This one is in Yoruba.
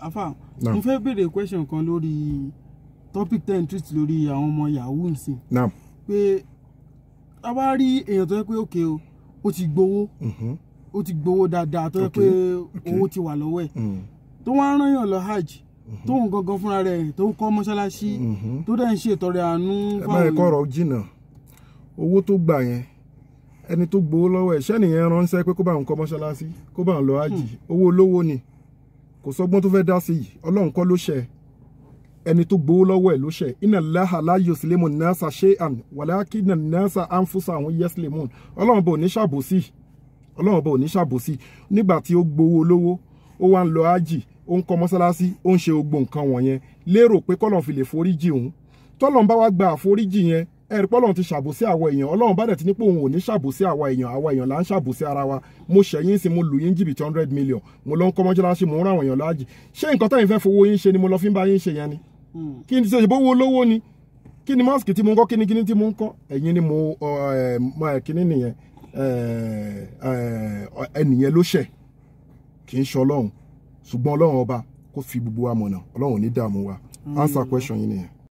afa mo fẹ́ béèrè question kan lórí topic ten treat lórí àwọn ọmọ yahoo nsìn. naam. pé a bá rí èèyàn tó yẹ pé òkè o ó ti gbowó mm-hmm. ó ti gbowó dáadáa tó yẹ pé owó ti wà lọ́wọ́ ẹ̀ mm. tó wá ń rányàn lọ hajj mm-hmm. tóun gangan fúnra rẹ̀ tó ń kọ́ mọ́ṣáláṣí mm-hmm. tó dẹ̀ ń ṣe ìtọrẹ àánú fáwọn. ẹ máa ẹ̀kọ́ ọ̀rọ̀ jìnnà owó tó gbà yẹn ẹni tó gbowó lọ́wọ́ ẹ̀ ṣẹ́niyẹn ránṣẹ́ pé kó bá òun kọ́ mọ́ṣáláṣí kó bá òun lọ hajj hmm. owó olówó ni. Hmm kò sọgbọ́n tó fẹ́ dá sí yìí ọlọ́run kọ́ ló ṣẹ ẹni tó gbowó lọ́wọ́ ẹ̀ ló ṣẹ iná láhà láyò sílẹ̀mù nasa ṣé àn wàlákì iná nasa ànfúsà àwọn yẹ́ sílẹ̀mù ọlọ́run bò ní ṣàbòsí ọlọ́run bò ní ṣàbòsí nígbà tí ó gbowó lọ́wọ́ ó wá ń lọ ájì ó ń kọ́ mọ́sálásí ó ń ṣe gbogbo nǹkan wọ̀nyẹn lérò pé kọ́lọ́n fi lè foríjì òun tọ́lọ́n bá wá gba àforíjì yẹn ẹ̀rí pọ́lọ́run ti ṣàbòsí àwa èèyàn ọlọ́run bá dẹ̀ ti ní pé òun ò ní ṣàbòsí àwa èèyàn àwa èèyàn là ń ṣàbòsí ara wa mo ṣẹ̀yìn sí mo lù yín jìbìtì hundred million mo lọ ń kọ́ mọ́ṣáláṣí mo ń ràn àwọn èèyàn láàjì ṣé nǹkan táyìn fẹ́ fowó yín ṣe ni mo lọ fi ń bá yín ṣe yẹn ni hmm. kí ni ṣe ìbówó olówó ni kí ni mọ́sìkì tí mo ń kọ́ kí ni kí ni tí mo ń kọ́ ẹ̀yin ni mo kíní nìyẹn ẹnìyẹn ló ṣẹ̀ kì í ṣe ọlọ́run ṣùgbọ́n ọlọ́run ọba kó fi gbogbo wa mọ̀nà ọlọ́run ò ní dààmú wa hmm. answer question yín nìyẹn.